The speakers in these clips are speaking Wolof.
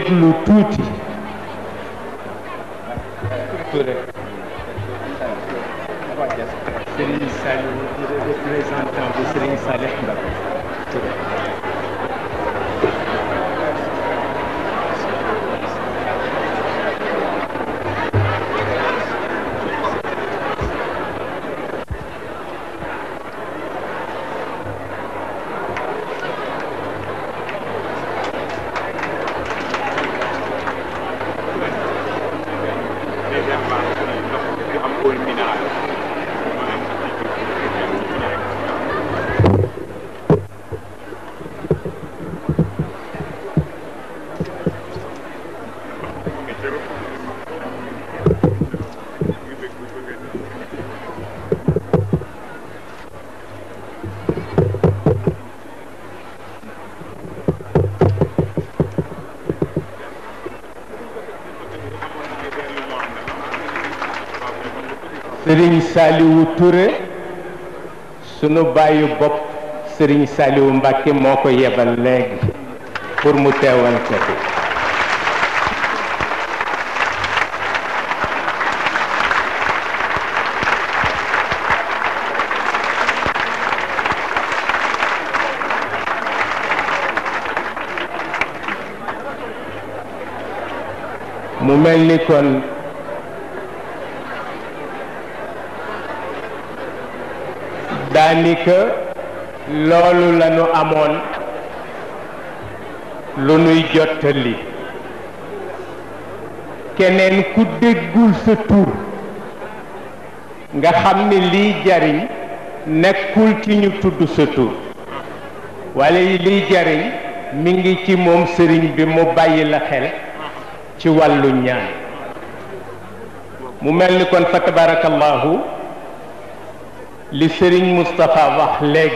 teve no Putin Saliou Touré sunu bayu bop Serigne Saliou Mbacke moo ko yebal leg pour mu tewal ko mu melni kon daanaka loolu la amoon lu nuy jottali keneen ku déggul sa tur nga xam ni liy jariñ nekkul ci ñu tudd sa tur wala liy jariñ mi ngi ci moom sëriñ bi mu bàyyi la xel ci wàllu ñaan mu mel ni kon fa tabarakallahu لسرين مصطفى وحلق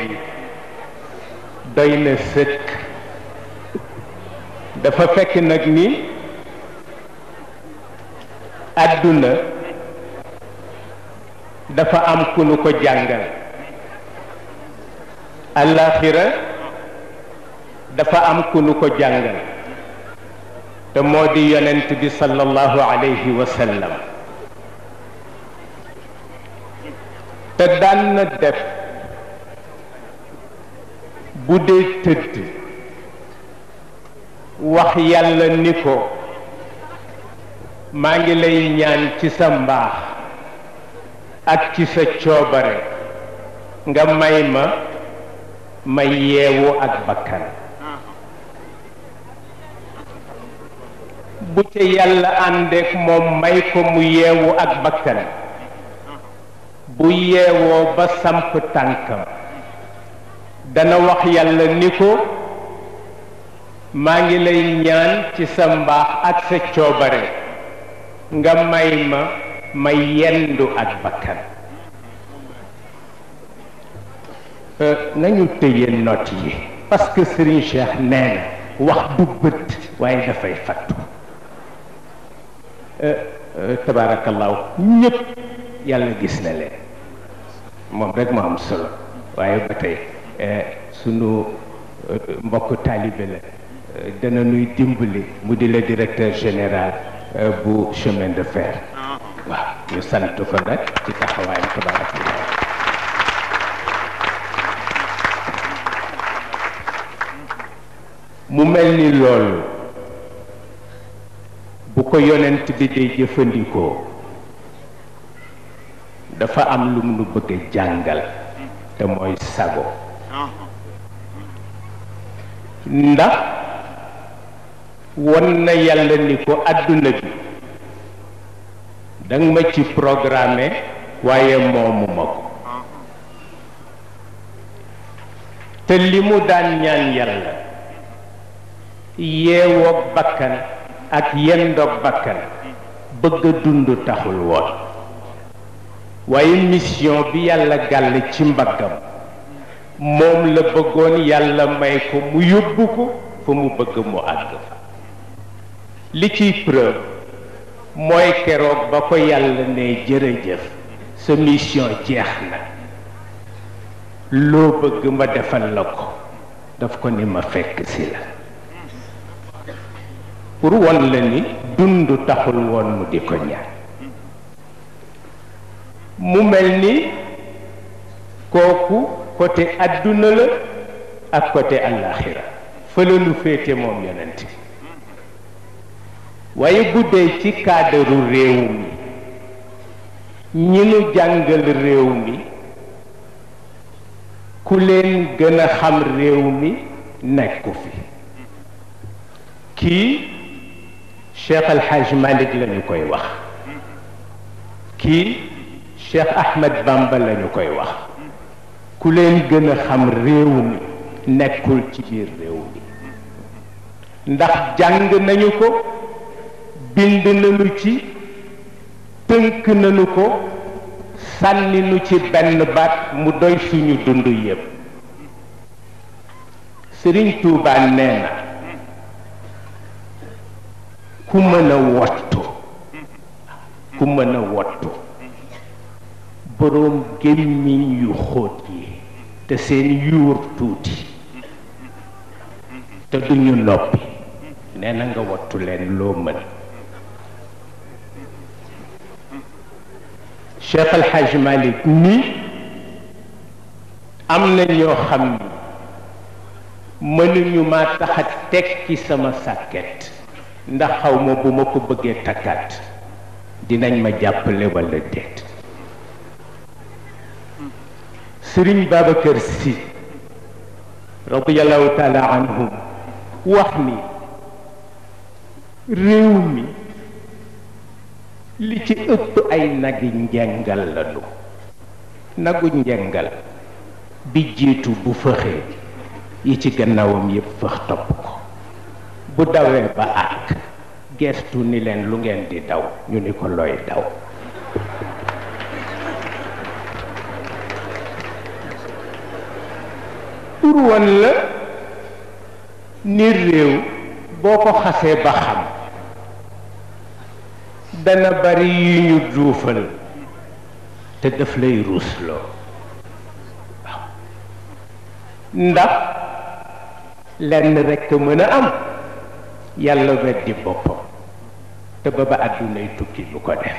دين سك دفاك نجني أدنى دفا أم كنوكا جانجل الأخيرة دفا أم كنوكا جانجل تمودي يننتبي صلى الله عليه وسلم te daan na def bu dee tëdd wax yàlla ni ko maa ngi lay ñaan ci sa mbaax ak ci sa coobare nga may ma ma yeewu ak bakkan bu ca yàlla àndeek moom may ko mu yeewu ak bakkan bu yeewoo ba samp tànkam dana wax yàlla ni ko maa ngi lay ñaan ci sa mbaax ak sa coobare nga may ma ma yendu ak bakkan euh, nañu tëye note yi parce que Serigne Cheikh nee na wax du bët waaye dafay fattu euh, euh, tabaarakallaahu ñëpp yàlla gis na leen moom rek moo am solo waaye ba tey eh, sunu eh, mbokk taalibe la eh, dana nuy dimbali mu di la directeur général bu chemin de fer waaw ñu sant ko nag ci taxawaayam mu mel ni loolu bu ko yonent bi day jëfandikoo dafa am lu mu bëgg jàngal te mooy sago ndax won na yàlla ni ko àdduna bi danga ma ci programme waaye moomu ma ko te li mu daan ñaan yàlla yeewoog bakkan ak yendoog bakkan bëgg a dund taxul woon waaye mission bi yàlla gàll ci mbaggam moom la bëggoon yàlla may ko mu yóbbu ko fa mu bëgg mu àgg li ciy preuve mooy keroog ba ko yàlla ne jërëjëf sa mission jeex na loo bëgg ma defal la ko daf ko ni ma fekk si la pour won la ni dund taxul woon mu di ko ñaan mu mel ni kooku côté adduna la ak côté àllaaxira fa la nu moom yonent waaye bu dee ci kaadaru réew mi ñi nu jàngal réew mi ku leen gën a xam réew mi nekku fi kii Cheikh Alhaj Malick la koy wax kii Cheikh Ahmed Bamba la koy wax ku leen gën a xam réew mi nekkul ci biir réew mi ndax jàng nañu ko bind nañu ci tënk nañu ko sànni nu ci benn baat mu doy suñu dund yépp Sëriñ Tuubaa nee na ku mën a wottu ku mën a wottu boroom gémmiñ yu xóot yi te seen yuur tuuti te duñu noppi nee na nga wattu leen loo mën Cheikh El Hadj ni am na ñoo xam ni mënuñu ma tax a teg ci sama sàkket ndax xaw ma bu ma ko bëggee takkaat dinañ ma jàppale walla déet sëriñ Babacar Sy radiallahu taala anhu wax ni réew mi li ci ëpp ay nagi njengal lañu nagu njëngal bi jiitu bu fëxee yi ci gannaawam yépp fëx topp ko bu dawee ba àkk gestu ni leen lu ngeen di daw ñu ni ko looy daw pour wan la ni réew boo ko xasee ba xam dana bari yu ñu duufal te daf lay ruusloo waaw ndax lenn rekk mën a am yàlla weddi boppam te ba ba àddunay tukki lu ko def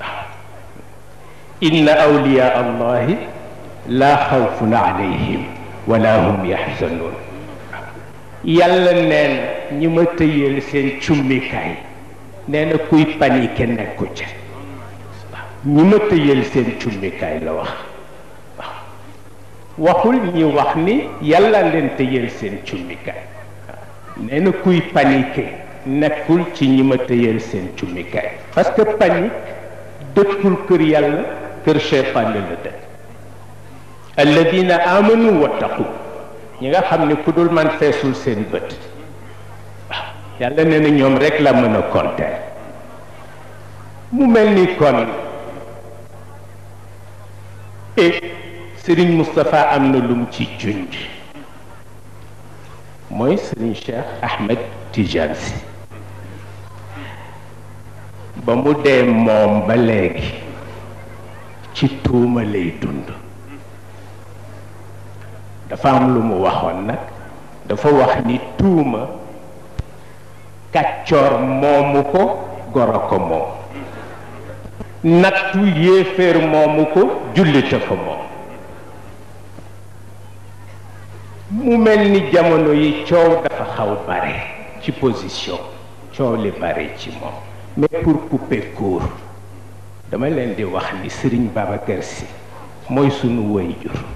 waaw inna awliyaa allahi laa xawfun alayhim wala hum yaxsanuun yàlla nee ñi ma tëyeel seen cummikaay nee kuy paniqué nekku ca ñi ma tëyeel seen cummikaay la wax waxul ñi wax ni yàlla leen tëyeel seen cummikaay nee na kuy paniqué nekkul ci ñi ma tëyeel seen cummikaay parce que panique dëkkul kër yàlla kër cheytaane la dëkk alladina amanu wattaqu ñi nga xam ni ku dul man feesul seen bët yàlla nee na ñoom rekk la mën a compter mu mel ni kon et eh, Serigne Moustapha am na lum ci junj mooy Serigne Cheikh Ahmed Tidiane ba mu dee moom ba léegi ci tuuma lay dund. dafa am lu mu waxoon nag dafa wax ni tuuma kàccoor moomu ko goro ko moom nattu yéeféer moomu ko jullite ko moom mu mel ni jamono yi coow dafa xaw bare ci position coow li bare ci moom mais pour couper court dama leen di wax ni Serigne Babacar Sy mooy sunu waajur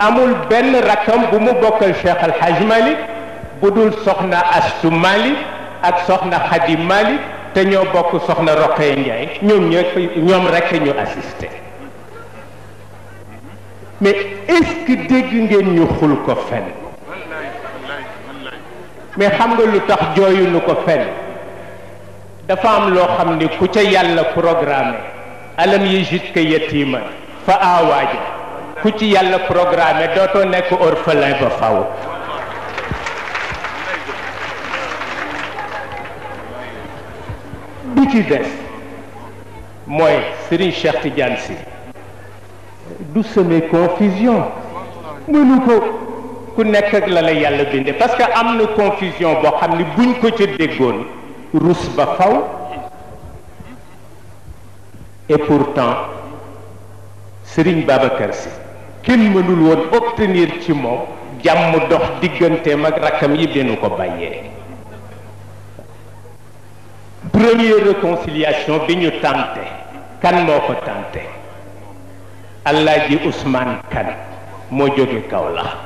amul ben rakam bu mu bokal Cheikh Al Hadj Malick bu soxna Astu malik ak soxna Khady malik te ñoo bokk soxna Roqee Ndiaye ñom ñe ñom rek ñu assister mais est-ce que dégg ngeen ñu xul ko fen mais xam nga lu tax jooyuñu ko fen dafa am lo xamni ku ca yàlla programmer alam yajidka yatiman fa aawaaja ku ci yàlla programme dootoo nekk orphelin ba faw bi ci des mooy Serigne Cheikh Tidiane Sy du semer confusion mënu ko ku nekk ak la la yàlla binde parce que am na confusion boo xam ni buñ ko ca déggoon rus ba faw et pourtant Serigne Babacar Sy kenn mënul woon obtenir ci moom jàmm dox digganteem ak rakkam yi dañu ko bàyyee première réconciliation bi ñu tenté kan moo ko tenté Alaaji Ousmane Kan moo jóge Kaolack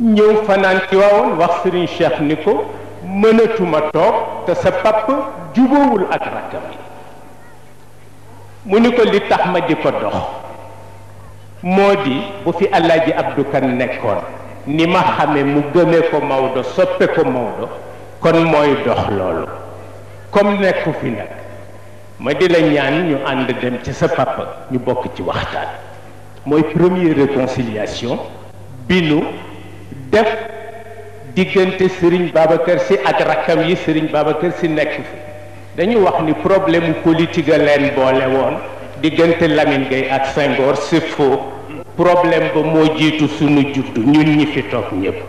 ñëw fanaan ci waawoon wax Serigne Cheikh ni ko mënatuma toog te sa papp jubóowul ak rakkam yi mu ni ko li tax ma di ko dox moo di bu fi Alaaji Abdou Kan nekkoon ni ma xame mu gëme ko Maodo soppe ko Maodo kon mooy dox loolu comme nekku fi nag ma di la ñaan ñu ànd dem ci sa papa ñu bokk ci waxtaan mooy premier réconciliation bi nu def diggante Serigne Babacar si ak rakkam yi Serigne Babacar si nekk fi dañu wax ni problème politique a leen boole woon diggante Lamine Gueye ak Senghor c'est faux problème ba moo jiitu suñu judd ñun ñi fi toog ñëpp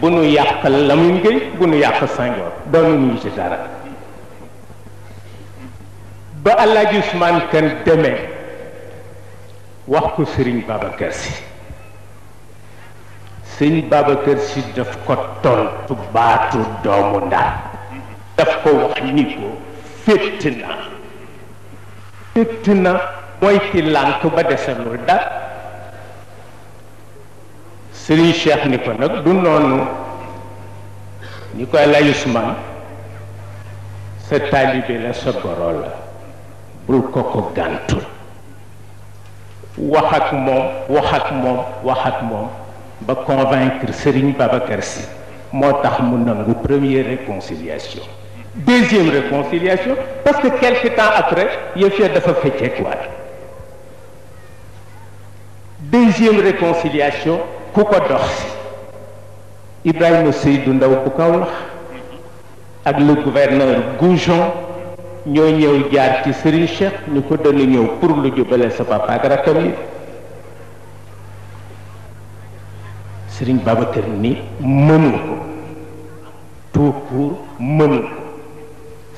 bu nu yàq Lamine Gueye bu nu yàq Senghor doonu ñu ci dara ba Alaaji Usmaan Kan demee wax ko Sëriñ Babacar Si Sëriñ Babacar Si daf ko tontu baatu doomu ndax daf ko wax ni ko fétt naa tëtt na mooy ki lànk ba desalul da Serigne Cheikh ni ko nag du nonu ni koy lay Usmaan sa talibé la sa borol la bul ko ko gàntul wax ak mom wax ak moom wax ak moom ba convaincre Serigne Babacar si motax tax mu nangu première réconciliation deuxième réconciliation parce que quelque temps après Yeshua dafa fecceekuwaat deuxième réconciliation ku ko dox si Seydou Ndaw bu avec ak le gouverneur Goujon ñoo ñëw jaar ci Serigne Cheikh ñu ko doon ñëw pour lu jubale sa papa ak rakkam Serigne Babacar ni mënu ko tout court mënu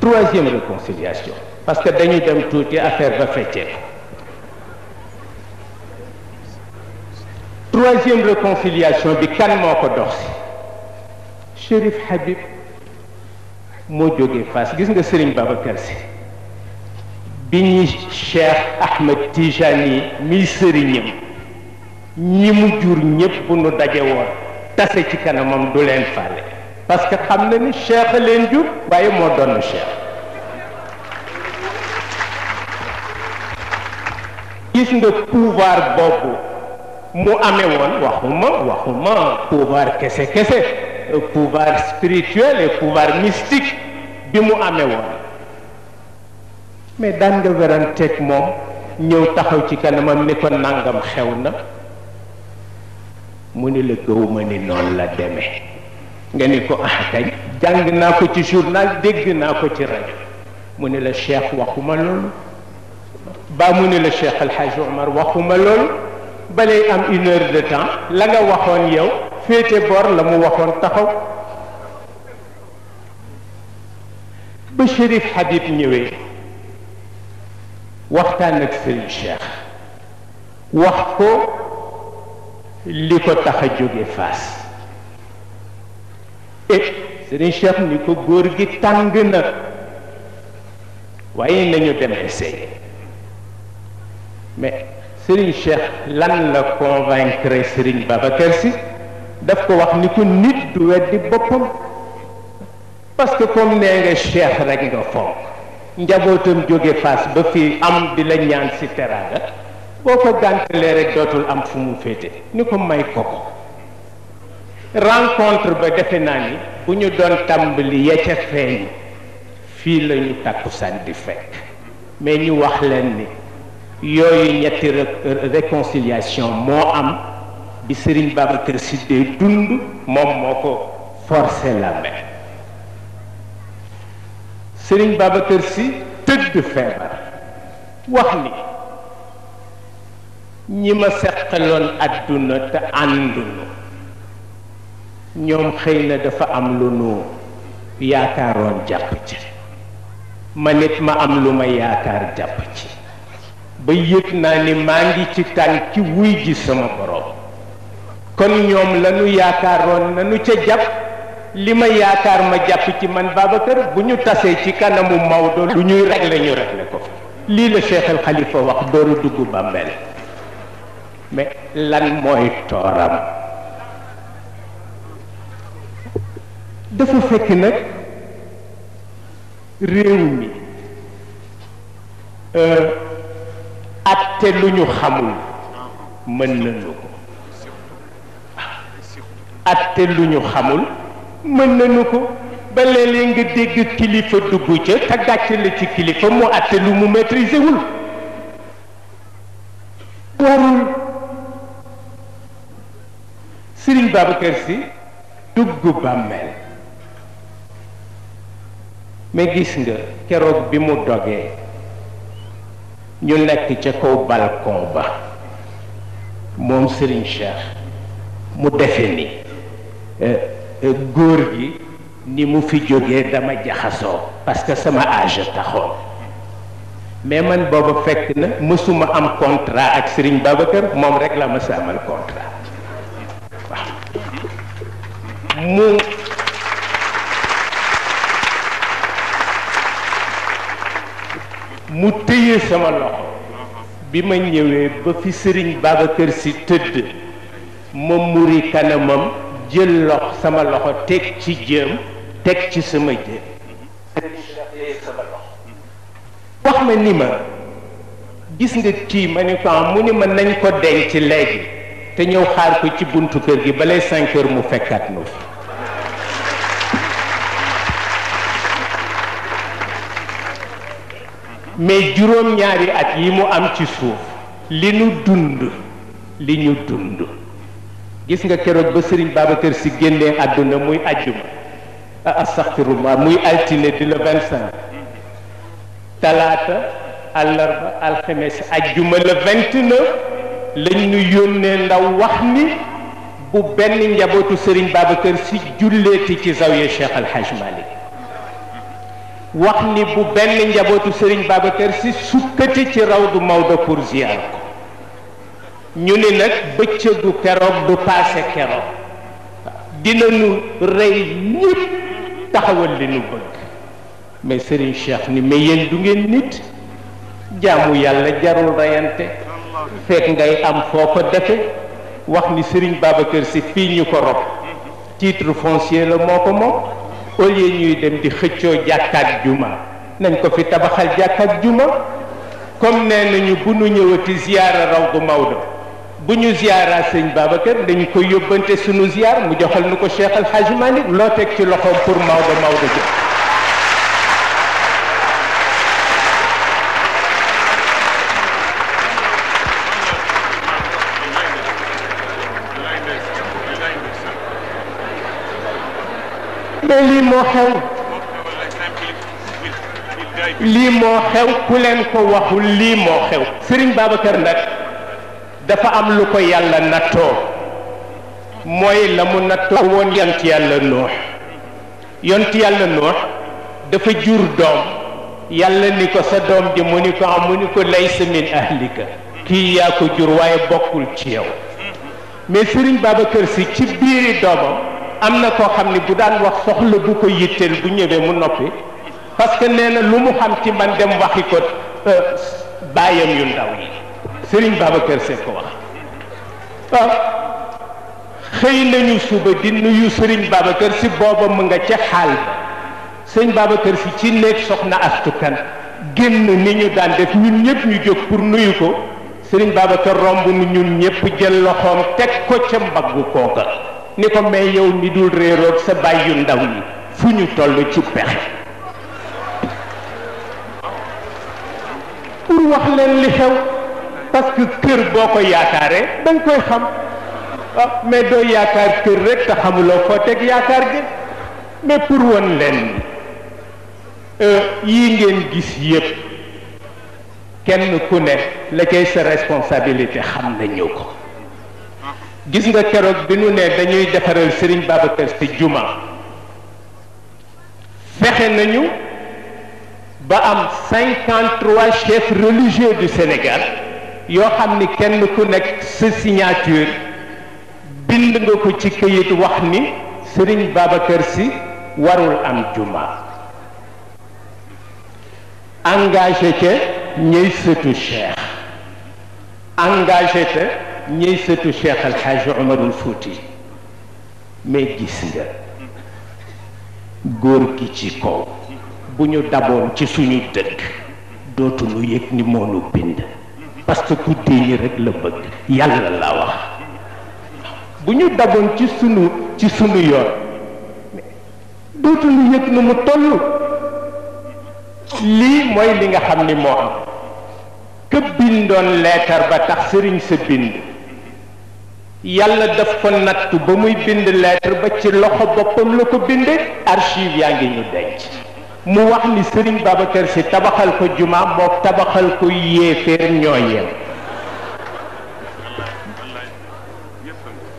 troisième réconciliation parce que dañu dem touti affaire ba feccee troisième réconciliation bi kan moko ko dox Chérif Habib mo jógee face, gis nga Serigne Baba Sy biñu Cheikh Ahmed Tijani mi sëriñam ñi mu jur ñepp bu nu daje woon tase ci kanamam du len falé parce que xam na ni cheikh a leen jur waaye moo doon cheikh gis nga pouvoir boobu mu amee woon waxuma waxuma pouvoir kese kese pouvoir spirituel pouvoir mystique bi mu amee woon mais daan nga weranteeg moom ñëw taxaw ci kanamam ni ko nangam xew na mu ni la gëwuma ni noonu la demee nga ni ko ah kay jàng na ko ci journal deg na ko ci radio mune le cheikh waxuma lol ba mune le la cheikh alhaaj omar waxuma lol balay am une heure de temps la nga waxoon yow fete bor la mu waxoon taxaw ba shérif habib ñewé waxtan ak sëriñ cheikh wax ko liko ko jóge face Eh, sëriñ Cheikh ni ko góor gi tàng na waaye nañu dem essayé mais sëriñ Cheikh lan la convaincre sëriñ Babacar si daf ko wax ni ko nit du weddi boppam parce que comme nee nga Cheikh rek nga fonk njabootam jóge fas ba fii am di la ñaan si teraanga boo ko gàntalee rek dootul am fu mu féete ni ko may ko rencontre ba defe naa ni bu ñu doon tàmbali ya ca feeñ fii lañu takku tàkkusaan di fekk mais ñu wax leen ni yooyu ñetti réconciliation moo am bi Serigne Babacar Sy dee dund moom moo ko force la sëriñ Serigne Babacar Sy tëdd feebar wax ni ñi ma seqaloon àdduna te àndunu ñoom xëy na dafa am lu nu yaakaaroon jàpp ci ma nit ma am lu ma yaakaar jàpp ci ba yëg naa ni maa ngi ci tànki wuy ji sama borom kon ñoom lañu yaakaaroon nañu ca jàpp li ma yaakaar ma jàpp ci man Babacar bu ñu tasee ci kanamu Maodo lu ñuy réglé ñu réglé ko lii la Cheikh Al Khalifa wax dooru dugg bàmbeel mais lan mooy tooram dafa fekk nag réew mi euh, atte lu ñu xamul mën nañu ko atte lu ñu xamul mën nañu ko ba léeg-léeg nga dégg kilifa dugg ca te la ci kilifa mu atte lu mu maîtriser wul warul Serigne Babacar Sy dugg bàmmeel mais gis nga keroog bi mu dogee ñu nekk ca kaw balcon ba moom Serigne Cheikh mu defe ni eh, eh, góor gi ni mu fi jógee dama jaxasoo parce que sama âge taxoon mais man booba fekk na mësuma am contrat ak Serigne Babacar moom rek la mësa amal contrat waaw mu mu téye sama loxo bi ma ñëwee ba fi sëriñ kër si tëdd ma muri kanamam jël lox sama loxo teg ci jëm teg ci sama jëm sama loxo wax ma ni ma gis nga kii ma ni ko am ah, mu ni ma nañ ko denc léegi te ñëw xaar ko ci buntu kër gi bale cinq heures mu fekkaat nu mais juróom-ñaari at yi mu am ci suuf li nu dund li ñu dund gis nga keroog ba sëriñ Babacar si génnee àdduna muy ajjuma astaxfirullah muy altine di le vingt cinq talaata àllarba alxemes ajjuma le vingt neuf lañ ñu yónnee ndaw wax ni bu benn njabootu sëriñ Babacar si julleeti ci zawiya Cheikh Al Hadj wax ni bu benn njabootu Serigne Babacar si sukkati ci rawdu Maodo pour ziar ko ñu ni nag bëccëgu keroog du paase keroog dina nu rey ñëpp taxawal li nu bëgg mais Serigne Cheikh ni mais yéen du ngeen nit jaamu yàlla jarul reyante fekk ngay am foo ko defe wax ni Serigne Babacar si fii ñu ko rob titre foncier la moo ko moom au lieu ñuy dem di xëccoo jàkkaat juma nañ ko fi tabaxal jàkkaat juma comme nee nañu bu ñu ñëwati ziyaara rawdu Maodo bu ñu ziyaara sëñ Babacar dañu ko yóbbante sunu ziyaar mu joxal nu ko Cheikh Al Hadj loo teg ci loxoom pour Maodo Maodo ji lii moo xew ku leen ko waxul lii moo xew sëriñ Babacar nag dafa am lu ko yàlla nattoo mooy la mu nattoo woon yont yàlla noox yont yàlla noox dafa jur doom yàlla ni ko sa doom di mu ni ko am ah, mu ni ko laysa min ahlika kii yaa ko jur waaye bokkul ci yow mais Serigne Babacar si ci biiri doomam am na koo xam ni bu daan wax soxla bu ko yitteel bu ñëwee mu noppi parce que nee na lu mu xam ci man dem waxi ko euh, bàyyam yu ndaw yi Serigne Babacar Seck ko wax ah, xëy nañu suba di nuyu Serigne Babacar si booba mu nga ca xaal ba sëñ Babacar si ci néeg soxna astukan génn ni ñu daan def ñun ñëpp ñu jóg pour nuyu ko sëriñ Babacar romb ni ñun ñëpp jël loxoom teg ko ca mbaggu kooka ni ko mais yow mi dul réeroog sa bàyyi ndaw ñi fu ñu toll ci pexe pour wax leen li xew parce que kër boo ko yaakaaree danga koy xam ah mais doo yaakaar kër rek te xamuloo foo teg yaakaar gi mais pour won leen euh, yii ngeen gis yépp kenn ku ne la sa responsabilité xam nañu ko gis nga keroog bi ñu ne dañuy defaral Serigne Babacar Sy juma fexe nañu ba am 53 chefs religieux du Sénégal yoo xam ni kenn ku nekk sa signature bind nga ko ci këyit wax ni Serigne Babacar Sy warul am juma engagé ca ñëy sëtu Cheikh engagé ca ñëy sëtu Cheikh Al Hadj Omarul Fouti mais gis nga góor gi ci kaw bu ñu daboon ci suñu dëkk dootuñu yëg ni moonu bind parce que ku téye rek la bëgg yàlla la wax bu ñu daboon ci sunu ci sunu yoon dootuñu yëg ni mu toll lii mooy li nga xam ni moo am. ke bindoon leetar ba tax sëriñ sa bind yàlla daf ko natt ba muy bind lettre ba ci loxo boppam la ko bindee archive yaa ngi ñu denc mu wax ni sëriñ Babacar si tabaxal ko jumaa mook tabaxal ko yéeféer ñoo yem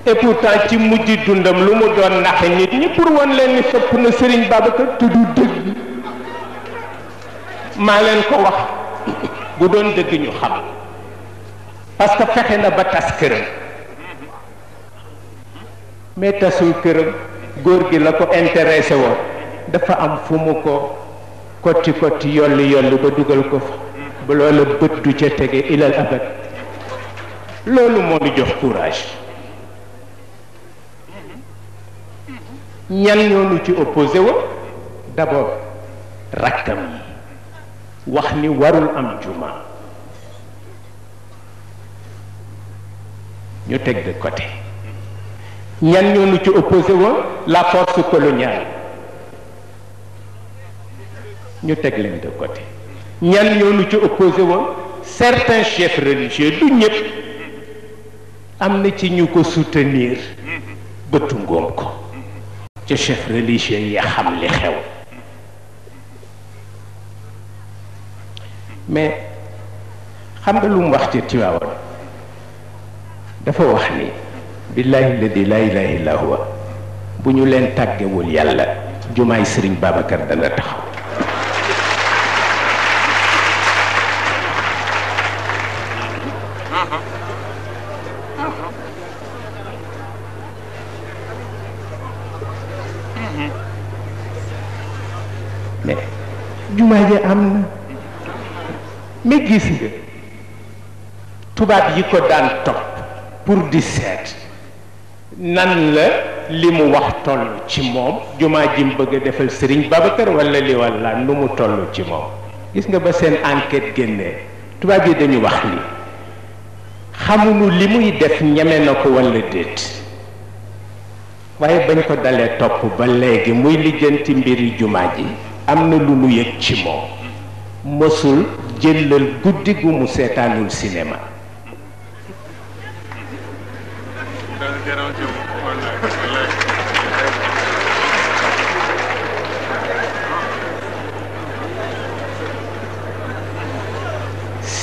et ci mujj dundam lu mu doon naxe nit ñi pour wan leen ni na sëriñ Babacar te dëgg maa leen ko wax bu doon dëgg ñu xam parce que fexe na ba tas këram mais tasul këram góor gi la ko intéressé woon dafa am fu mu ko kotti kotti yolli yolli ba dugal ko fa ba bët du ca tege ilal abad loolu moo ñu jox courage ñan ñoonu ci opposé wa d'abord rakkam yi wax ni warul am juma ñu teg de côté ñan ñoonu ci opposé woon la force coloniale ñu teg leen de côté ñan ñoonu ci opposé woon certains chefs religieux du ñëpp am na ci ñu ko soutenir bëtu tungoom ko ca chef religieux yi xam li xew mais xam nga lum mu wax ci Tiwaawan dafa wax ni billahi ladi laa ilaha illa huwa bu ñu leen tàggewul yàlla jumaay sëriñ Babacar dana taxaw jumaa ji am na mais gis tubaab yi ko daan topp pour di seet nan la li mu wax toll ci moom jumaa ji mu bëgg a defal sëriñ ba kër wala li wala nu mu toll ci moom gis nga ba seen enquête génne tubaab yi dañu wax ni xamuñu li muy def ñeme na ko wala déet waaye bañ ko dalee topp ba léegi muy lijjanti mbiri jumaa ji am na lu nu yëg ci moom mësul jëlal guddi gu mu seetaanul cinéma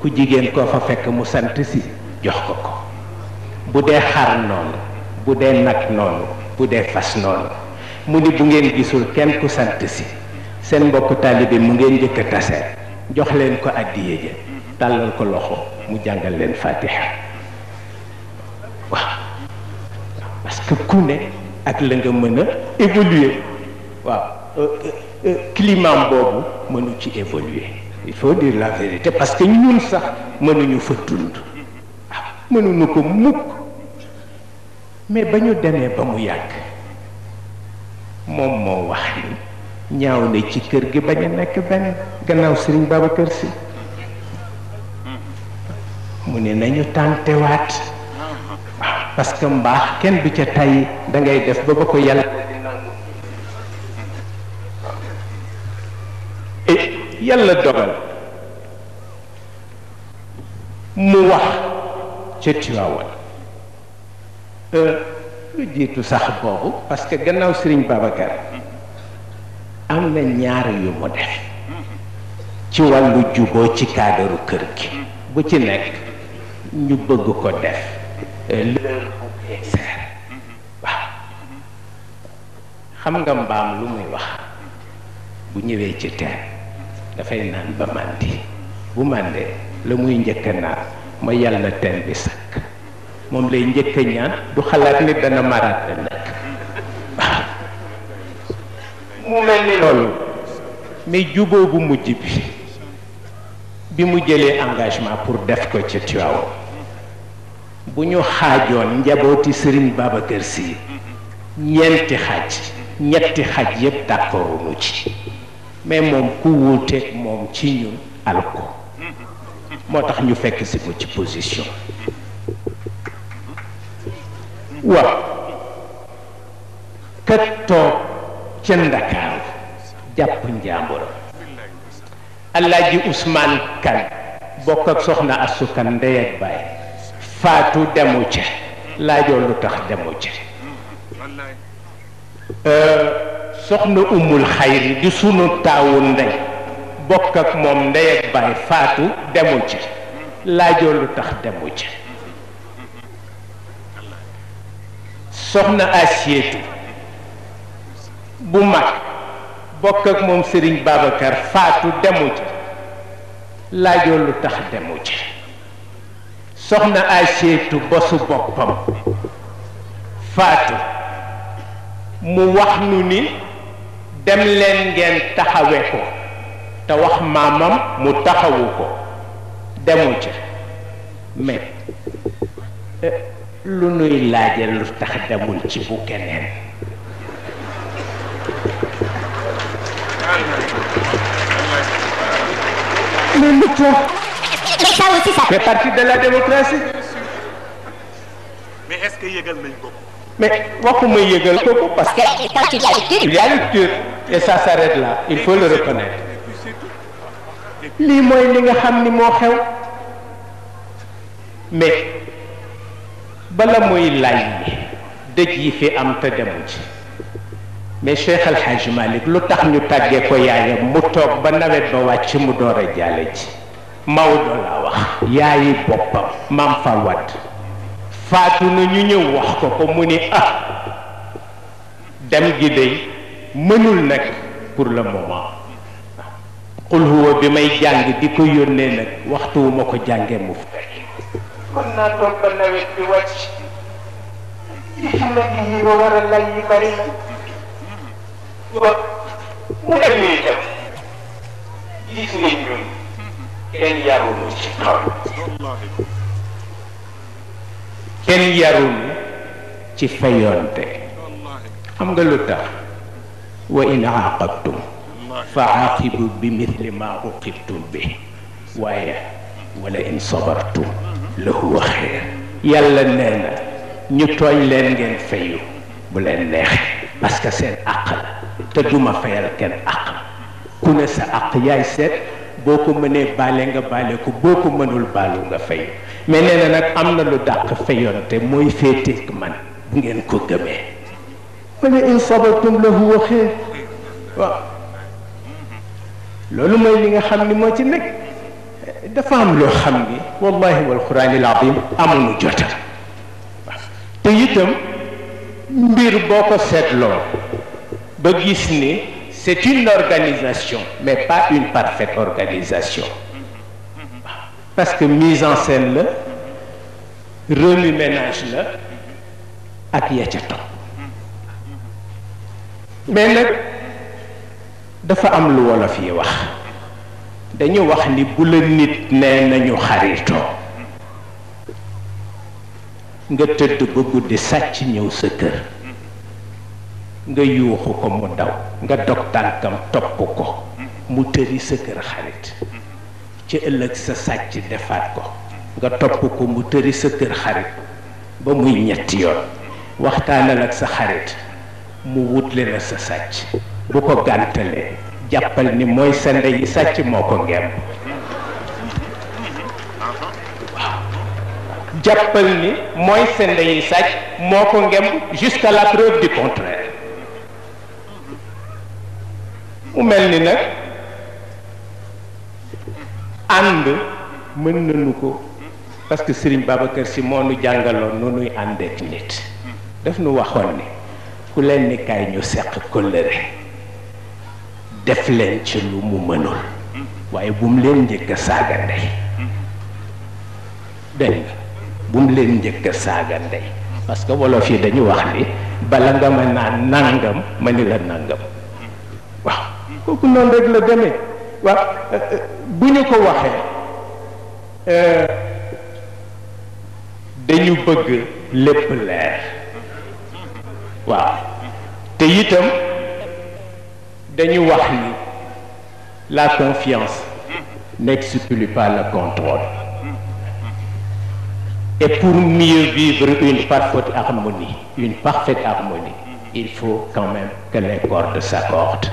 ku jigéen koo fa fekk mu sant si jox ko ko bu dee xar noonu bu dee nag noonu bu dee fas noonu mu ni bu ngeen gisul kenn ku sant si seen mbokku taalibe mu ngeen njëkk a taseel jox leen ko àddiye ja tàllal ko loxo mu jàngal leen fatiha waaw parce ku ne ak la nga mën a évoluer waaw euh, euh, euh, climat boobu mënu ci évoluer il faut dire parce que ñun sax mënuñu fa dund ah, mënuñu ko mukk mais ba ñu demee ba mu yàgg moom moo wax ni ñaaw na ci kër gi bañ a nekk benn gannaaw Serigne Babacar Sy mu ne nañu tàntewaat ah, parce que mbaax kenn du ca tay dangay def ba ba ko yàlla yàlla dogal mu wax ca Tiwaawan euh, lu jiitu sax boobu parce que gannaaw Serigne Babacar am na ñaar yu mu def ci wàllu juboo ci kaadaru kër gi bu ci nekk ñu bëgg ko def euh, l'heure bu PSR waaw xam nga mbaam lu muy wax bu ñëwee ci teen dafay naan ba màndi bu màndee la muy njëkk naan mooy yal na teen bi sakk moom lay njëkk a ñaan du xalaat ni dana maraat nag mu mel ni loolu mais juboo bu mujj bi bi mu jëlee engagement pour def ko ci Tiwaawan bu ñu xaajoon njabooti Serigne Babacar si ñeenti xaaj ñetti xaj yépp d'accordu ci mais moom ku wuuteeg moom ci ñun al moo tax ñu fekk si ko ci position waaw ka toog ca Ndakaaru jàpp njàmburam Alaaji usmaan Kane bokk ak soxna Asu Kane ndey ak baay faatu demu ca laajoo lu tax demu ca soxna umul xayri di sunu taawu ndey bokk ak moom ndey ak baay faatu demu ci laajoo lu tax demu ci soxna asietu bu mag bokk ak moom sëriñ Babacar faatu demu ci laajoo lu tax demu ci soxna asietu bosu boppam faatu mu wax nu ni dem len ngeen taxawe ko te wax mamam mu taxawu ko demu ci mais lu nuy laaje lu tax demul ci bu keneen mais lu tax mais ça aussi ça fait partie de la démocratie mais est-ce que yëgal nañ ko Mais waxuma yëgal ko ko parce que il y il faut le lii mooy li nga xam ni moo xew mais bala muy lay dëj yi fi am te demu ci mais Cheikh El Hadj lu tax ñu tàggee ko yaayam mu toog ba nawet ba wàcc mu door a jaale ji Maodo laa wax yaayi boppam maam Fawad faatu na ñu ñëw wax ko ko mu ni ah, dem gi day mënul nag pour le moment qul huwa bi may jàng di ko yónnee nag waxtu ko jàngee mu fekk kon naa yi ba war a lay yi mu ci xaw kenn yarul ci fayonte xam nga lu tax wa in aaqabtum fa aaqibu bi mithli ma uqibtum bi waaye wala in sabartum la huwa xeer yàlla nee na ñu tooñ leen ngeen fayu bu leen neex parce que seen àq la te duma fayal kenn àq ku ne sa àq yaay seet boo ko mënee baale nga baale ko boo ko mënul baalu nga fayu mais nee na nag am na lu dàq fayonte mooy féeteeg man bu ngeen ko gëmee ma ne in sabartum lahu wa xeer waaw loolu mooy li nga xam ni moo ci nekk dafa am loo xam ni wallahi wal quraan il azim amuñu jota te itam mbir boo ko seetloo ba gis ni c'est une organisation mais pas une parfaite organisation parce que mise en scène la remue-ménage la ak ya ca mais nag dafa am lu wolof yi wax dañu wax ni bu la nit nee nañu xaritoo nga tëdd ba guddi sàcc ñëw sa kër nga yuuxu ko mu daw nga dog tànkam topp ko mu tëri sa kër xarit ci ëllëg sa sàcc defaat ko nga topp ko mu tëri sa kër xarit ba muy ñetti yoon waxtaanal ak sa xarit mu wutle la sa sàcc bu ko gàntalee jàppal ni mooy sa ndeyi sàcc moo ko ngemb jàppal ni la preuve du contraire mu mel ni nag ànd mën nañu ko parce que Serigne Babacar si moo nu jàngaloon nu nuy àndeek nit def nu waxoon ni ku leen ni ñu seq kóllëre def leen ci lu mu mënul waaye bu mu leen njëkk a saaga ndey dégg parce que wolof yi dañu wax ni bala nga ma naan nangam ma ni la nangam waaw kooku noonu rek la demee. wa euh, euh, bu ñu ko waxee euh, dañu bëgg lépp leer waaw te itam dañu wax ni la confiance n'exclut pas le contrôle et pour mieux vivre une parfaite harmonie une parfaite harmonie il faut quand même que les cordes s'accordent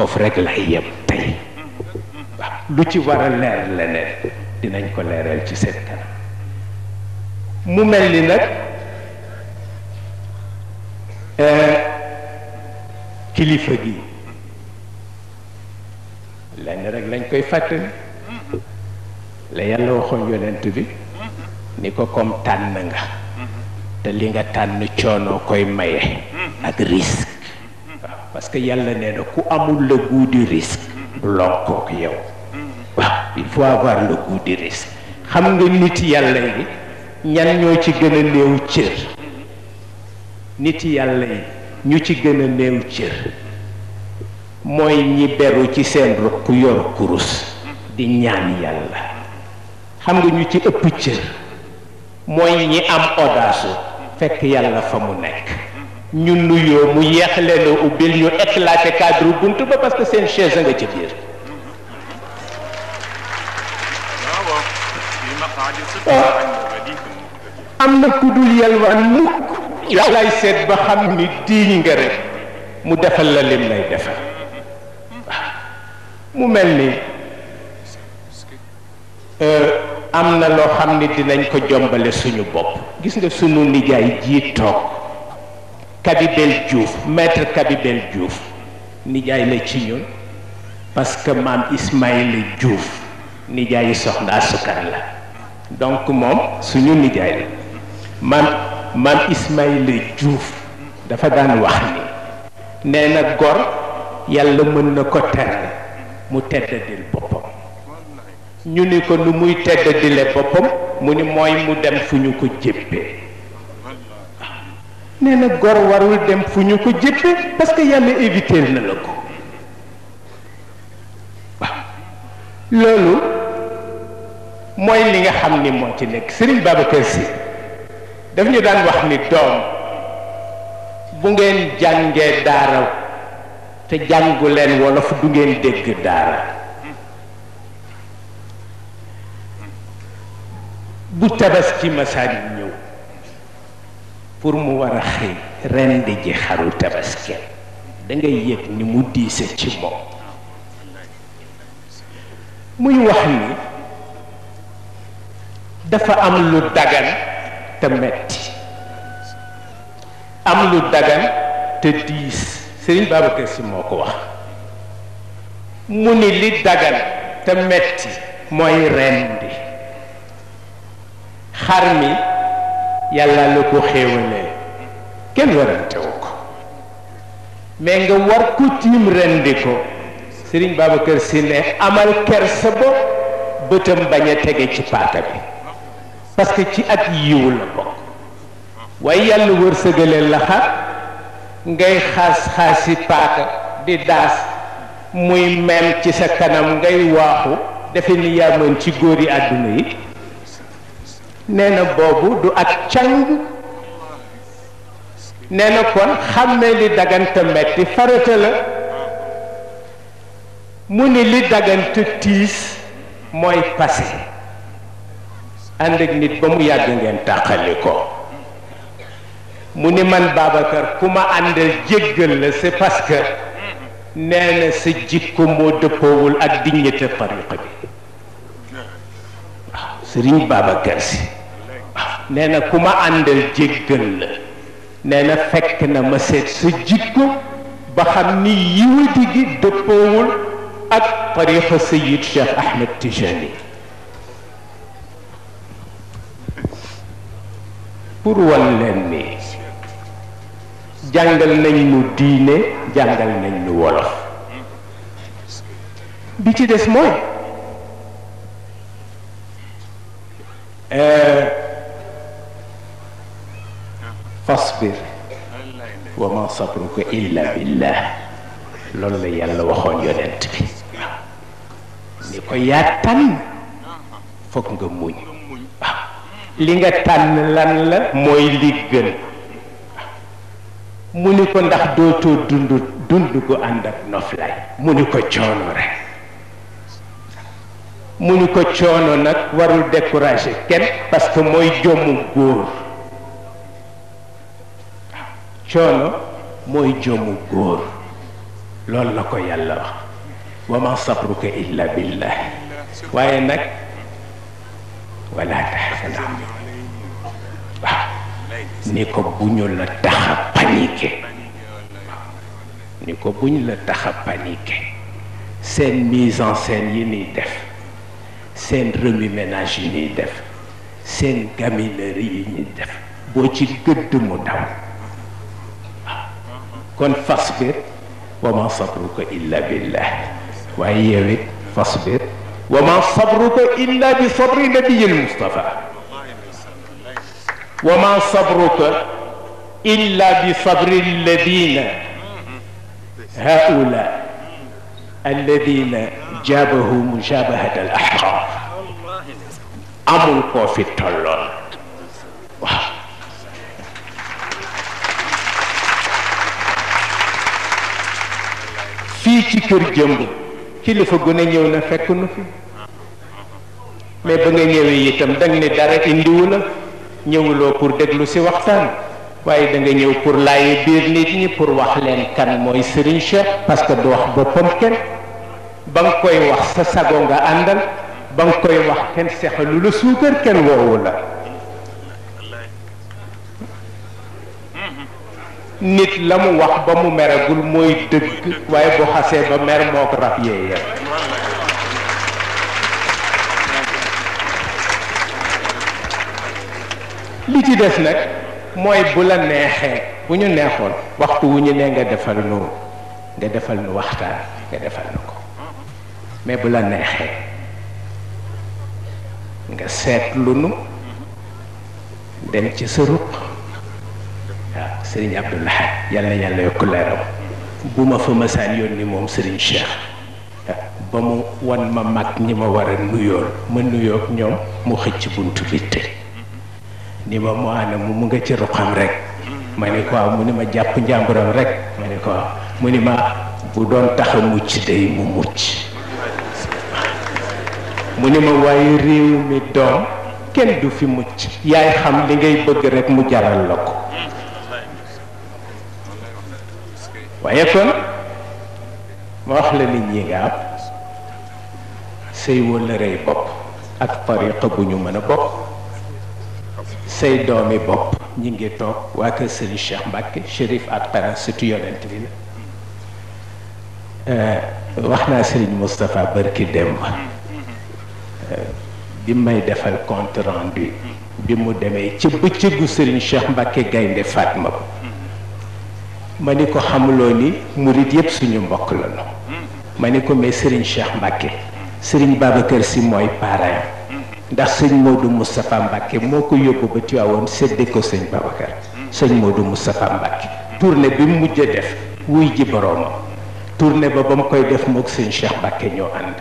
foofu rek la yem tey waaw lu ci war a leer leneen dinañ ko leeral ci seen kanam mu mel ni nag eh, kilifa gi lenn rek lañ koy fàttali la yàlla waxoon yonent bi ni ko comme tànn nga te li nga tànn coonoo koy maye ak risque parce que yàlla ne na ku amul le goût du risque yow waaw il faut avoir le goût du xam nga nit yàlla yi ñan ñoo ci gën a néew cër nit yàlla yi ñu ci gën a néew cër mooy ñi beru ci seen ruq yor kurus di ñaan yàlla xam nga ñu ci ëpp cër mooy ñi am audace fekk yàlla fa mu nekk ñu nuyoo mu yeex a ubbil ñu éclaté cadre bunt ba parce que seen chaise nga ci biir ah, am na ku dul yalwaan mukk yow lay seet ba xam ni diiñ nga rek mu defal la lim lay defal ah, mu mel ni eh, am na loo xam ni dinañ ko jombale suñu bopp gis nga sunu nijaay jii toog Kabibel Diouf maître Kabibel Diouf nijaay la ci ñun parce que maam Ismaïla Diouf nijaayu soxna asukar la donc moom suñu nijaay la maam maam juuf Diouf dafa daan wax ni nee na gor yàlla mën na ko teral mu teddadil boppam ñu ni ko nu muy teddadile boppam mu ni mooy mu dem fu ñu ko jébbee nee na gor warul dem fu ñu ko jëppe parce que yàlla éviter na la ko waaw loolu mooy li nga xam ni moo ci nekk Serigne Babacar Sy daf ñu daan wax ni doom bu ngeen jàngee daara te jàngu leen wolof du ngeen dégg daara bu tabaski masaan ñëw pour mu war a xëy rend ji xaru tabaski da ni mu diise ci moom muy wax ni dafa am lu dagan te metti am lu dagan te diis Sëriñ Babacar Si moo ko wax mu ni li dagan te metti mooy rendi xar mi yàlla la ko xéewalee kenn warantewu ko mais nga war ko tiim rendi ko sëriñ Babacar Si ne amal ker sa bopp bëtam bañ a tege ci paaka bi parce ci ak yiwu la bokk waaye yàlla wërsëgale la xar ngay xaas xaasi paaka di daas muy mem ci sa kanam ngay waaxu defe ni yaa mën ci góori àdduna yi nee boobu du ak càng nee na kon xàmmee li daggante metti farata la mu ni li dagante tiis mooy passé ànd ak nit ba mu yàgg ngeen tàqali ko mu ni man Babacar ku ma àndal jéggal la c'est parce que nee jikko moo dëppoowul ak dignité tariqa bi waaw Sëriñ Babacar Si nee na ku ma àndal jéggal la nee na fekk na ma seet sa jikko ba xam ni yiwati gi dëppoowul ak tariqa sayid Cheikh Ahmed Tijani pour wan leen ni jàngal nañ nu diine jàngal nañ nu wolof bi ci des mooy euh, wasbir wa ma sabruka illa billah loolu la yàlla waxoon yonent bi ni ko yaa tànn foog nga muñ li nga tànn lan la mooy li gën mu ni ko ndax dootoo dund dund gu ànd ak noflaay mu ni ko coono rek mu ni ko coono nag warul décourager kenn parce que mooy jommu góor cholo moy jomu gor lol la ko yàlla wax wa ma sabruka illa billah waye nak wala taxsan am waaw ni ko buñu la taxa panike ni ko buñu la taxa panike sen mise en scène yi ni def sen remue-ménage yi ni def sen gaminerie yi ni def bo ci gëdd mu daw kon fasbir wa ma sabruka illa billah waaye yeewit fasbir wa ma sabruka illa bi sabri nabiyil mustafa wa ma sabruka illa bi sabri alladhina haula alladina jabahu mujabahat al ahqaf amul koo fi tolloon ci kër jëmb kilifa gu ne ñëw na fekk nu fi mais ba nga ñëwee itam danga ne dara indiwu la ñëwuloo pour déglu si waxtaan waaye danga ñëw pour laaye biir nit ñi pour wax leen kan mooy Serigne Cheikh parce que du wax boppam kenn ba nga koy wax sa sago nga àndal ba nga koy wax kenn sexalu la suukar kenn woowu la nit la mu wax ba mu meragul mooy dëgg waaye bu xasee ba mer moo ko rab yee li ci des nag mooy bu la neexee bu ñu neexoon waxtu wu ñu ne nga defal nu nga defal nu waxtaan nga defal nu ko mais bu la neexee nga seetlu nu dem ci sa waaw sëriñ Abdou Lahad yal yàlla yokk leeram bu ma fa masaan yónni moom sëriñ Cheikh ba mu wan ma mag ñi ma war a nuyool ma nuyoog ñoom mu xëcc buntu bi te ni ma mu ana mu mu nga ci xam rek ma ni ko waaw mu ni ma jàpp njàmburam rek ma ni ko waaw mu ni ma bu doon tax mucc day mu mucc mu ni ma waaye réew mi doom kenn du fi mucc yaay xam li ngay bëgg rek mu jaral la ko waaye kon ma wax la nit ñi nga am say wëllërey bopp ak tariqa bu ñu mën a bopp say doomi bopp ñi ngi toog waa kër sëriñ Cheikh Mbacke Chérif ak Qara surtout yonent bi la wax naa sëriñ Moustapha Barki dem bi may defal compte rendu bi mu demee ca bëccëgu sëriñ Cheikh Mbacke Gaynde Fatma ba ma ni ko xamuloo ni murit yépp suñu mbokk la no ma ni ko mais Serigne Cheikh Mbacke Serigne Babacar si mooy parrain ndax sëñ Modou Moustapha Mbacke moo ko yóbbu ba Tiwaawoon séddee ko sëñ Babacar sëñ Modou Moustapha Mbacke tournée bi mu mujj def wuy ji boroomam tournée ba ba mu koy def moog sëñ Cheikh Mbacke ñoo ànd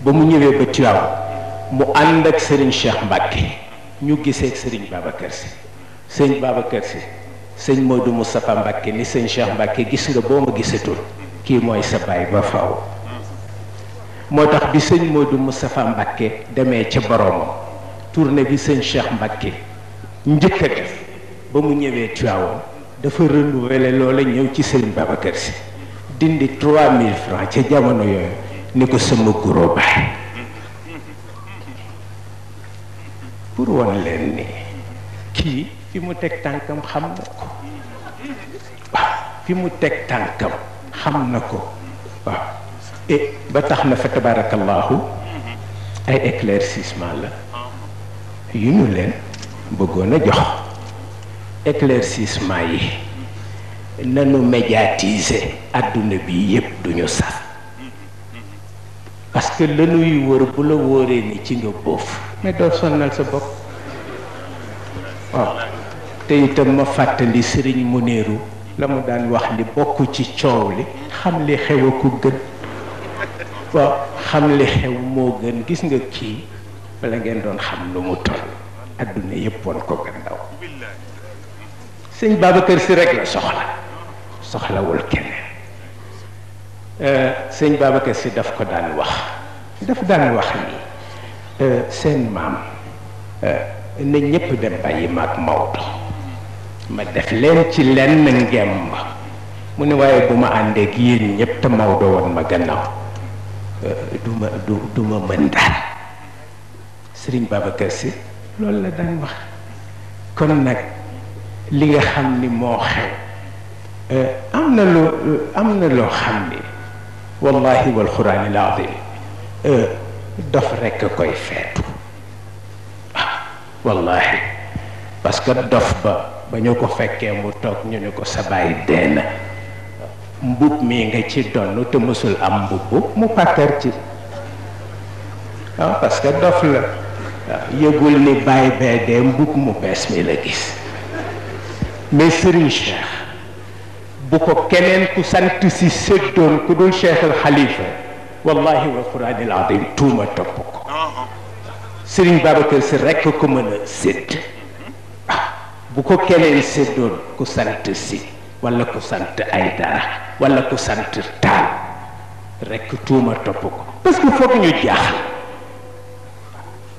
ba mu ñëwee ba Tiwaawoon mu ànd ak Serigne Cheikh Mbacke ñu gisee ak Serigne Babacar Sy sëñ Babacar Sy sëñ Modou Moustapha Mbacke ni sëñ Cheikh Mbacke gis nga boo ma gisatul kii mooy sa baay ba faw moo tax bi sëñ Modou Moustapha Mbacke demee ca boroomam tournée bi sëñ Cheikh mbakke njëkk ba mu ñëwee Tivaouane dafa renouveler loola ñëw ci sëñ Babacar Sy dindi 3000 francs ca jamono yooyu ni ko sama guro baay pour won leen ni kii fi mu teg tànkam xam na ko waaw fi mu teg tànkam xam na ko waaw eh, ba tax na fa tabarakallahu ay éclaircissement la yu ñu leen bëggoon a jox éclaircissement yi nanu médiatiser àdduna bi yépp du sax parce que lanuy wër bu la wóoree ni ci nga boof mais sonnal sa bopp te itam ma fàttali sëriñ Muniru la mu daan wax li bokk ci coow li xam li xew a ko gën xam li xew moo gën gis nga kii bala ngeen doon xam lu mu toll adduna yëpp woon ko gannaaw sëñ Babacar si rek la soxla soxlawul keneen euh, sëñ Babacar si daf ko daan wax daf daan wax ni euh, seen maam euh, na ñëpp dem bàyyi maag Maodo ma def leen ci lenn ngemb mu ne waaye bu ma àndee yéen ñépp te Maodo woon ma gannaaw euh, du ma du ma mën daal sëriñ Babacar Sy la daan wax kon nag li nga xam ni moo xew euh, am na lu euh, am na loo xam ni wallahi wal xuraani laa dof rekk koy feetu ah, wallahi parce dof ba ba ñu ko fekkee mu toog ñu ne ko sa baay dee na mbub mi nga ci donn te mësul am mbubb mu pàkkar ci ah, parce que dof la ah, yëgul ni baay bee dee mbub mu bees mi la gis mais Serigne Cheikh bu ko keneen ku sant si séddoon ku dul Cheikh al Xalifa wallahi wal quraanil aziim tuuma topp ko ah, Serigne Babacar si rekk ko mën a sédd bu ko keneen séddoon ku sant si walla ku sant ay dara walla ku sant taal rekk tuuma topp ko parce que foog ñu jaaxal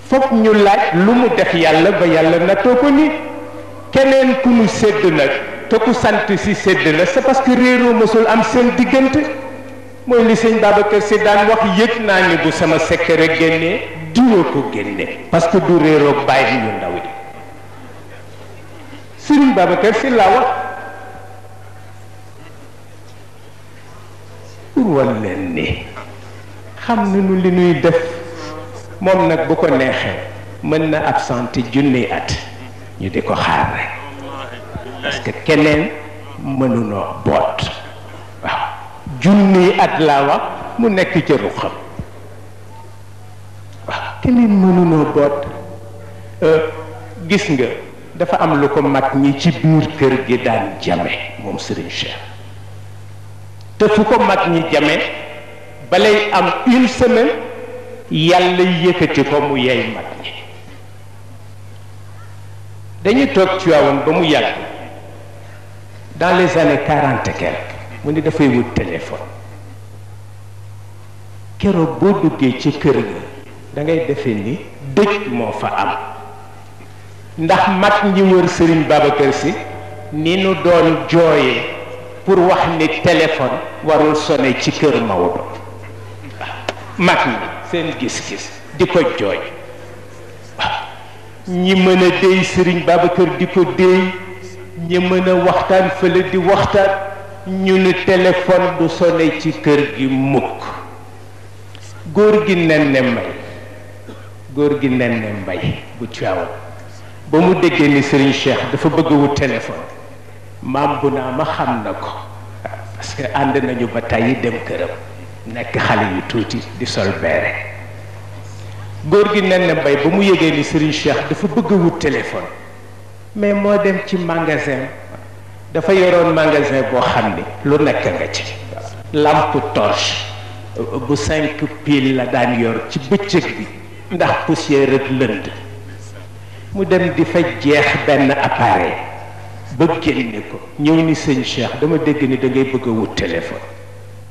foog ñu laaj lu mu def yàlla ba yàlla nattoo ko ni keneen ku ñu sédd nag te ku sant si sédd la c'est parce que réeroo mësul am seen diggante mooy li sëñ Babacar Si daan wax yëg naa ni bu sama secret génnee diwa ko génne parce que du réeroo bàyyi ñu ndaw yi Serigne Babacar Sy laa wax pour wan leen ni xam nañu li nuy def moom nag bu ko neexee mën na absenté junni at ñu di ko xaar rek parce que keneen mënunoo boot waaw junni at laa wax mu nekk ci ruqam waaw keneen mënunoo boot euh, gis nga dafa am lu ko mag ñi ci biir kër gi daan jame moom Serigne Cheikh te fu ko mag ñi jame balay am une semaine yàlla yëkkati ko mu yey mag ñi dañuy toog Tiwaawan ba mu yàgg dans les années quarante quelque mu ni dafay wut téléphone keroog boo duggee ci kër gi dangay ngay ni dëj moo fa am ndax mat ñi wër Serigne Babacar Sy ni nu doon jooye pour wax ni telefon warul sone ci kër Maodo mag ñi seen gis-gis di ko jooy ñi mën a déy Serigne Babacar di ko déy ñi mën a waxtaan fële di waxtaan ñu ni téléphone du sone ci kër gi mukk góor gi nen ne mbay góor gi nen ne mbay bu caaw ba mu déggee ni Serigne Cheikh dafa bëgg wut téléphone maam naa ma xam na ko parce que ànd nañu ba tàyyi dem këram nekk xale yu tuuti di sol góor gi nen na ba mu yëgee ni Serigne Cheikh dafa bëgg wut téléphone mais moo dem ci magasin dafa yoroon magasin boo xam ni lu nekk nga ci lampe torche bu cinq pile la daan yor ci bëccëg bi ndax poussière ak lënd mu dem di fa jeex benn appareil ba génne ko ñëw ni sëñ Cheikh dama dégg ni da bëgg a wut téléphone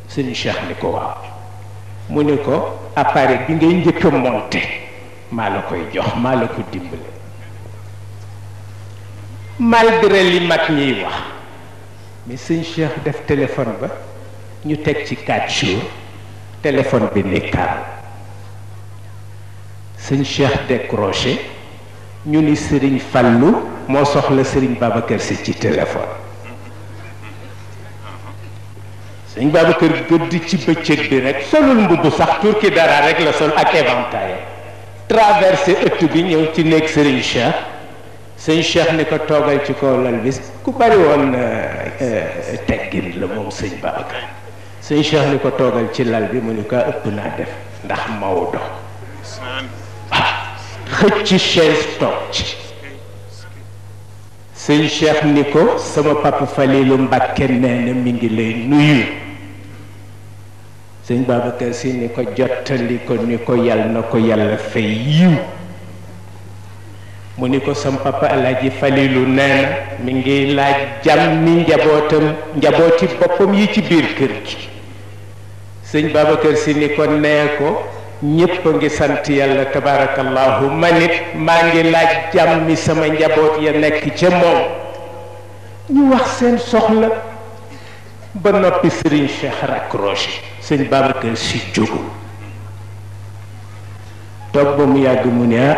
sëñ Cheikh ni ko waaw mu ne ko appareil bi ngay njëkk a monté maa la koy jox maa la ko dimbale malgré li mag ñiy wax mais sëñ Cheikh def téléphone ba ñu teg ci quatre téléphone bi ni kar sëñ Cheikh décroché ñu ni sëriñ Fallou moo soxla sëriñ Babacar si ci téléphone sëriñ Babacar gëdd ci bëccëg bi rek solul mbubb sax turki dara rek la sol ak éventail traversé ëtt bi ñëw ci néeg sëriñ Cheikh sëriñ Cheikh ni ko toogal ci kaw lal bis ku bari woon euh, euh, teggin la moom sëriñ Babacar sëriñ Cheikh ni ko toogal ci lal bi mu ni ko ëpp naa def ndax Maodo xëcc chaise toog ci sëñ Cheikh ni ko sama papa Falilu Mbàkke nee na mi ngi lay nuyu sëñ Babacar Si ni ko jottali ko ni ko yàlla na ko yàlla fay yiw mu ni ko sama papa Alaaji Falilu nee na mi ngi laaj jàmmi njabootam njabooti boppam yi ci biir kër gi sëñ Babacar Si ni ko nee ko ñépp a ngi sant yàlla tabarakallahu manit maa ngi laaj jàmmi sama njaboot ya nekk ca moom ñu wax seen soxla ba noppi sëriñ Cheikh raccroché sëñ Babacar si jógu toog ba mu yàgg mu ne ah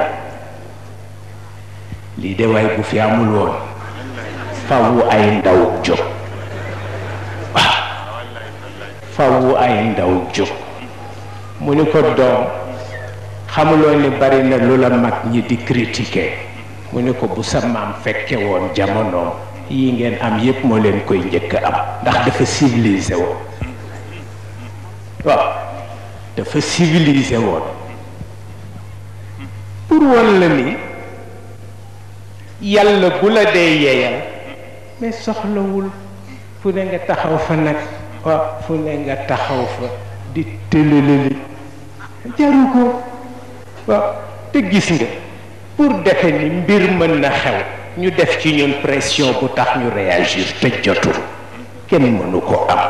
lii de waay bu fi amul woon fawwu ay ndaw jóg waaw ah, fawwu ay ndaw jóg mu ñu ko doom xamuloo ni bari na lu la mag ñi di critiquer mu ni ko bu sa maam fekke woon jamono yi ngeen am yépp moo leen koy njëkk am ndax dafa civilisé woon waaw dafa civilisé woon pour wan la ni yàlla bu la dee yeyal mais soxlawul fu ne nga taxaw fa nag waaw fu ne nga taxaw fa di tëlëlëli jaru ko waaw te gis nga pour defe ni mbir mën na xew ñu def ci ñun pression bu tax ñu réyagir te jotu kenn mënu ko am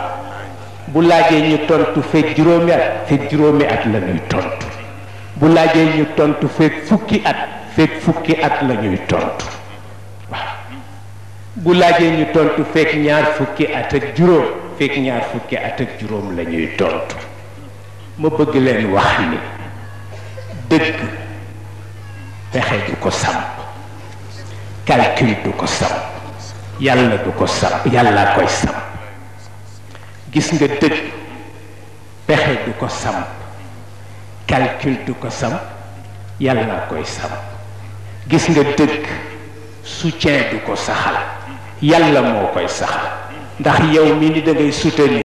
bu laajee ñu tontu fekk juróomi at fekk juróomi at la ñuy tontu bu laajee ñu tontu fekk bu laajee ñu tontu fekk ñaar fukki at ak juróom fekk ñaar fukki at juróom la tontu. ma bëgg leen wax ni dëgg pexe du ko samp calcul du ko samp yàlla du ko samp yàlla koy samp gis nga dëgg ko samp calcul du ko samp koy samp gis nga dëgg soutien du ko saxal yàlla moo koy saxal ndax yow mi ni da ngay